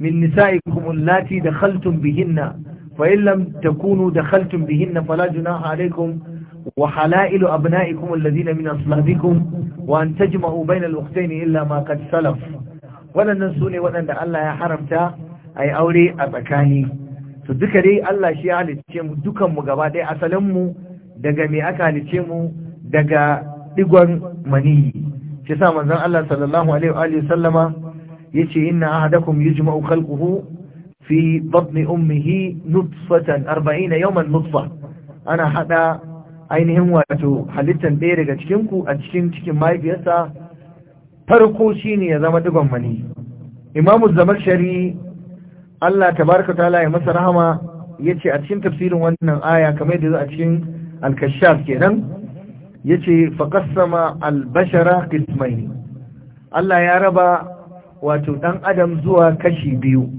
من نسائكم اللاتي دخلتم بهن فإن لم تكونوا دخلتم بهن فلا جناح عليكم وحلائل أبنائكم الذين من أصلابكم وأن تجمعوا بين الأختين إلا ما قد سلف ولن ننسوني ولن الله يا حرمتا أي أولي أبكاني فدك دي الله شيء على التيم دكا مقابا دي أسلمو دقا ميأكا للتيم دقا دقوان مني ke sa manzon Allah sallallahu alaihi wa sallama yace inna ahadakum yujma'u khalquhu fi batni ummihi nutfatan 40 yawman nutfa ana hada ainihin wato halittan ɗaya daga cikin ku a cikin cikin mahaifiyarsa farko ne ya zama digon mani imamu zamakshari Allah tabaraka ta'ala ya masa rahama yace a cikin tafsirin wannan aya kamar da a cikin al-kashaf kenan yace ce al-bashara qismayn Allah ya raba wato ɗan adam zuwa kashi biyu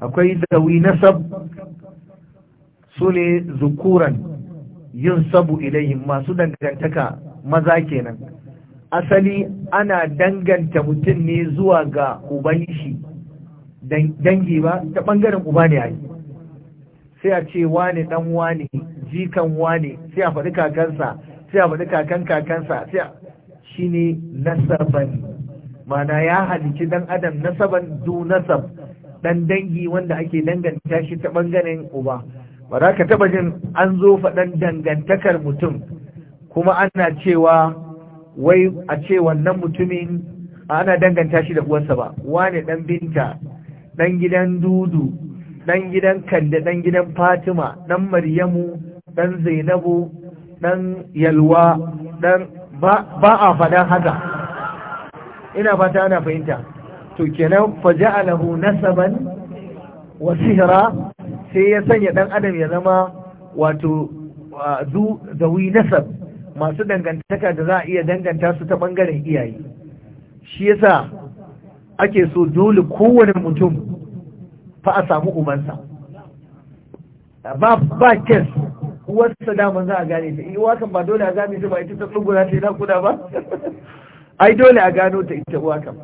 akwai zawi nasab sune zukuran yunsabu ilayhim masu dangantaka maza kenan asali ana danganta mutum ne zuwa ga uban dangi ba ta bangaren uba ne ai sai a ce wane dan wane jikan wane sai a faɗi kakansa sai a da kakan kakansa sai shi ne nasaban mana ya halici dan adam nasaban du nasab dan dangi wanda ake danganta shi ta bangaren uba ba za ka taba jin an zo faɗan dangantakar mutum kuma ana cewa wai a ce wannan mutumin ana danganta shi da uwarsa ba wane dan binta dan gidan dudu dan gidan kande dan gidan fatima dan maryamu dan zainabu Ɗan yalwa dan ba a faɗan haka ina fata ana fahimta to kenan faja'alahu nasaban wa sihra sai ya sanya dan adam ya zama wato zu zawi nasab masu dangantaka da za a iya danganta su ta ɓangaren iyaye shi yasa ake so dole kowane mutum fa a samu ubansa ba ba kes uwarsa daman za a gane ta iya eh, wakan ba dole a gane ta ba ita ta tsugura ta yi nakuda ba ai dole a gano ta ita wakan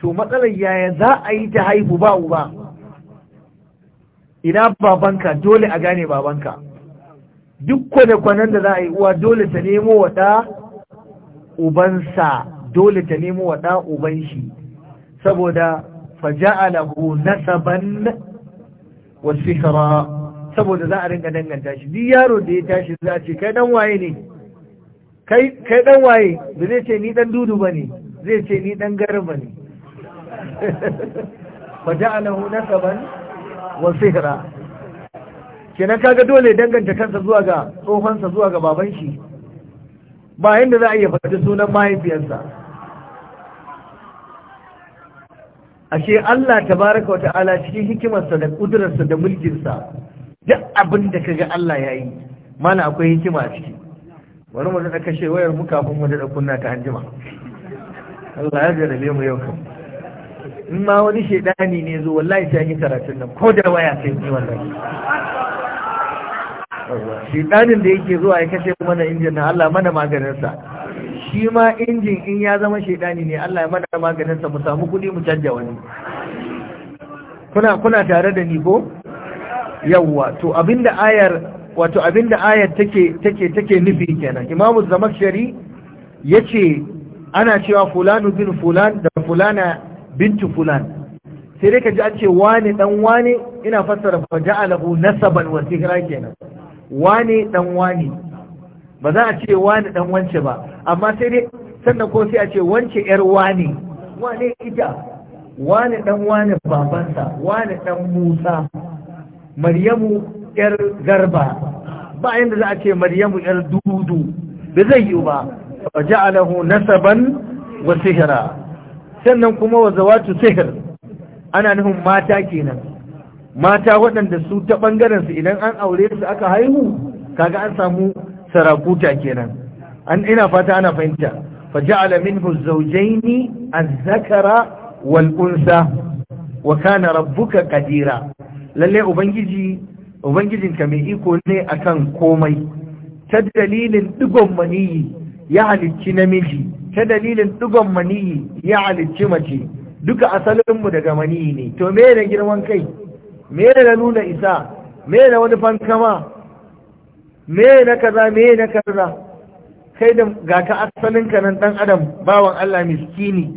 to matsalar yaya za a yi ta haihu ba uba ina babanka dole a gane babanka duk kwane kwanan da za a yi uwa dole ta nemo wa ɗa ubansa dole ta nemo wa ɗa uban shi saboda faja'alahu nasaban wasu saboda za a rinka danganta shi duk yaro da ya tashi za a ce kai dan waye ne kai dan waye da zai ce ni dan dudu bane zai ce ni dan garin bane fa ja'alahu nasaban wa sihra kenan kaga dole danganta kansa zuwa ga tsohonsa zuwa ga baban shi ba yanda za a iya faɗi sunan mahaifiyarsa ashe Allah tabaraka wa ta'ala cikin hikimarsa da kudurarsa da mulkinsa duk abin da kaga Allah ya yi mana akwai hikima a ciki bari mu daɗa kashe wayar mu kafin mu daɗa kunna ta hanjima Allah ya jarabe mu yau kan in ma wani shaidani ne zo wallahi sai yi karatun nan ko da waya sai ni wallahi shaidanin da yake zuwa ya kashe mana injin na Allah mana maganinsa shi ma injin in ya zama shaidani ne Allah ya mana maganinsa mu samu kuɗi mu canja wani kuna kuna tare da ni ko yawwa to abinda ayar wato abinda ayar take take take nufi kenan imamu zamakshari yace ana cewa fulanu bin fulan da fulana bintu fulan sai dai kaji an ce wani dan wani ina fassara fa ja'alahu nasaban wa sihra kenan wani dan wani ba za a ce wani dan wance ba amma sai dai sannan ko sai a ce wance yar wani wani ita wani dan wani babansa wani dan musa maryamu yar garba ba yanda za a ce maryamu yar dudu ba zai yi ba wa ja'alahu nasaban wa sihra sannan kuma wa zawatu sihr ana nufin mata kenan mata waɗanda su ta bangaren su idan an aure su aka haihu kaga an samu sarakuta kenan an ina fata ana fahimta fa ja'ala minhu zawjayn az-zakara wal unsa wa kana rabbuka qadira lalle ubangiji ubangijinka mai iko ne akan komai ta dalilin dugon maniyi ya halicci namiji ta dalilin dugon maniyi ya halicci mace duka asalinmu daga maniyi ne to me da girman kai me da nuna isa me da wani fankama me na kaza me na kaza kai da ga ka ka nan dan adam bawan Allah miskini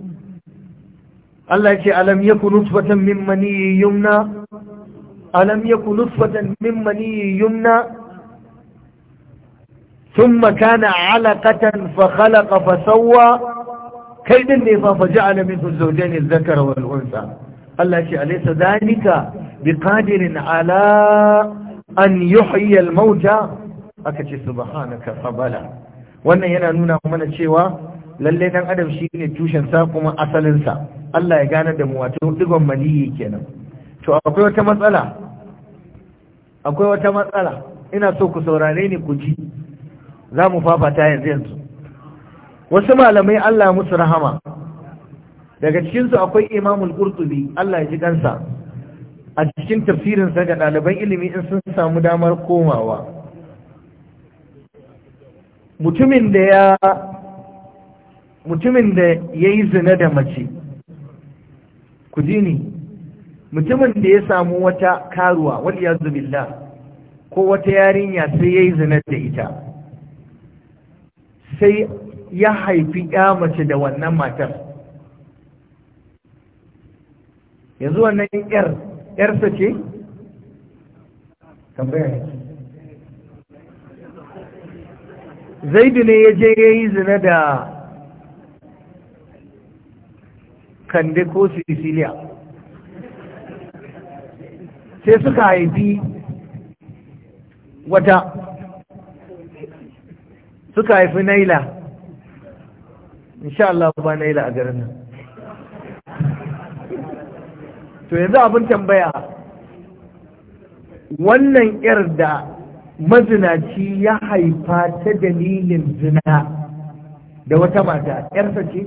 Allah ya ce alam yakunu nutfatan min maniyyi yumna alam yaku nutfatan min maniyyi yumna thumma kana alaqatan fa khalaqa fa sawwa kai din ne fa fa ja'ala min zawjayn al-dhakar wa al-untha Allah shi alaysa dhalika biqadirin ala an yuhyi al-mawta aka ce subhanaka fabala wannan yana nuna mana cewa lallai dan adam shine ne tushen sa kuma asalin Allah ya gane da mu wato digon maliyi kenan to akwai wata matsala akwai wata matsala ina so ku saurare ni ku ji za mu fafata yanzu yanzu wasu malamai Allah musu rahama daga cikinsu akwai imamul qurtubi Allah ya ji kansa a cikin tafsirinsa ga ɗaliban ilimi in sun samu damar komawa mutumin da ya mutumin da ya yi zina da mace ku ji ni mutumin da ya samu wata karuwa wani ya zubilla ko wata yarinya sai ya yi zinar da ita sai ya haifi ya mace da wannan matar yanzu wannan yar yarsa ce tambaya zaidu ne ya je ya yi zina da kande ko Sicilia. sai suka haifi wata suka haifi naila insha Allah ba naila a garin nan to yanzu abin tambaya wannan yar da mazinaci ya haifa ta dalilin zina da wata mata yarsa ce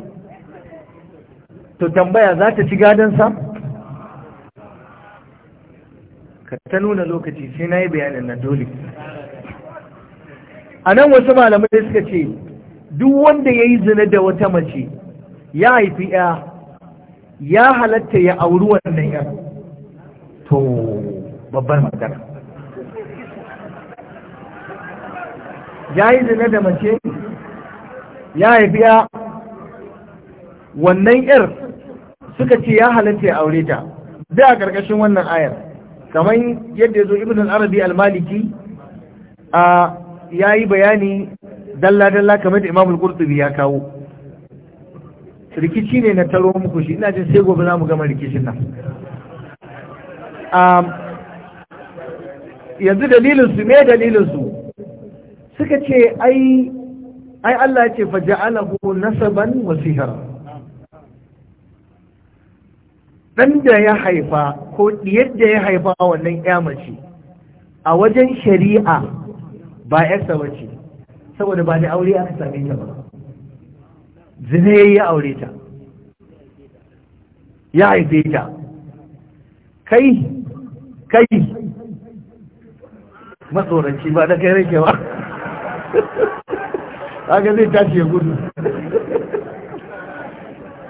to tambaya za ta ci sa ta nuna lokaci sai na yi bayanin nan dole a nan wasu malamai suka ce duk wanda ya yi zina da wata mace ya haifi ya ya halatta ya auri wannan yar to babbar magana ya yi zina da mace ya haifi ya wannan yar suka ce ya halatta ya aure ta da a ƙarƙashin wannan ayar kamar yadda ya zo ibn al-arabi al-maliki a yayi bayani dalla dalla kamar da imam al-qurtubi ya kawo rikici ne na taro muku shi ina jin sai gobe za mu gama rikicin nan yanzu dalilin su me dalilin suka ce ai ai Allah ya ce faja'alahu nasaban wa ɗan da ya haifa ko yadda ya haifa wannan ya mace a wajen shari'a ba yarsa ba ce saboda ba da aure aka same ta ba zina ya yi aure ta ya haife ta kai kai matsoranci ba da kai rake ba haka zai tashi ya gudu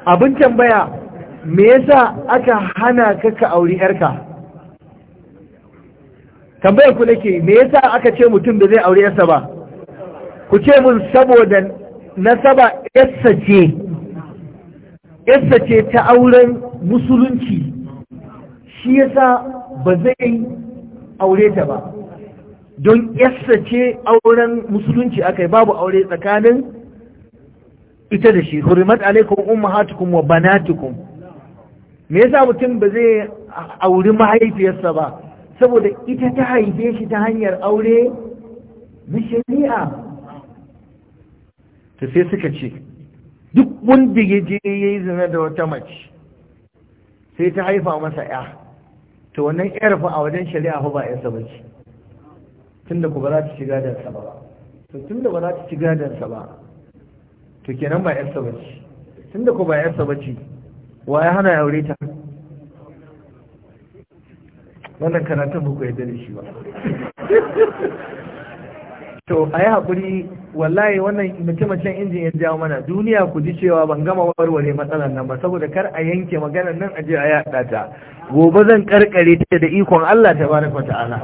abin tambaya me yasa aka hana ka ka auri yarka tambayar ku nake me yasa aka ce mutum da zai auri yarsa ba ku ce mun saboda nasaba yarsa ce yarsa ce ta auren musulunci shi yasa ba zai aure ta ba don yarsa ce auren musulunci aka yi babu aure tsakanin ita da shi hurimat alaikum ummahatukum wa banatukum me yasa mutum ba zai auri mahaifiyarsa ba saboda ita ta haife shi ta hanyar aure na shari'a ta sai suka ce duk wanda ya je ya yi zina da wata mace sai ta haifa masa ya Ta wannan yar fa a wajen shari'a fa ba yarsa ba ce tunda ku ba za ta shiga saba ba to tunda ba za ta shiga da ba to kenan ba yarsa ba ce tunda ku ba yarsa ba ce wa ya hana ya aure ta wannan karatun muku da shi ba to a yi haƙuri wallahi wannan mutumacin injin ya jawo mana duniya ku ji cewa ban gama warware matsalar nan ba saboda kar a yanke maganar nan a a yaɗa ta gobe zan karkare ta da ikon Allah ta baraka ta'ala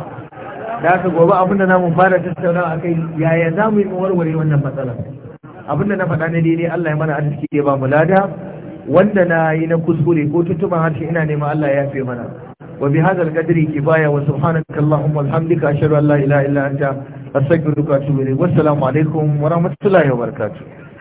da ka gobe abinda na mun fara tattaunawa kai, yaya za mu yi warware wannan matsalar abinda na faɗa na daidai Allah ya mana arziki ya ba mu lada wanda na yi na kuskure ko tutuban harshe ina neman Allah ya fi mana wa bi hadha al-qadri kifaya wa subhanaka allahumma alhamdika ashhadu an la ilaha illa anta astaghfiruka wa atubu ilayk wa assalamu alaikum wa rahmatullahi wa barakatuh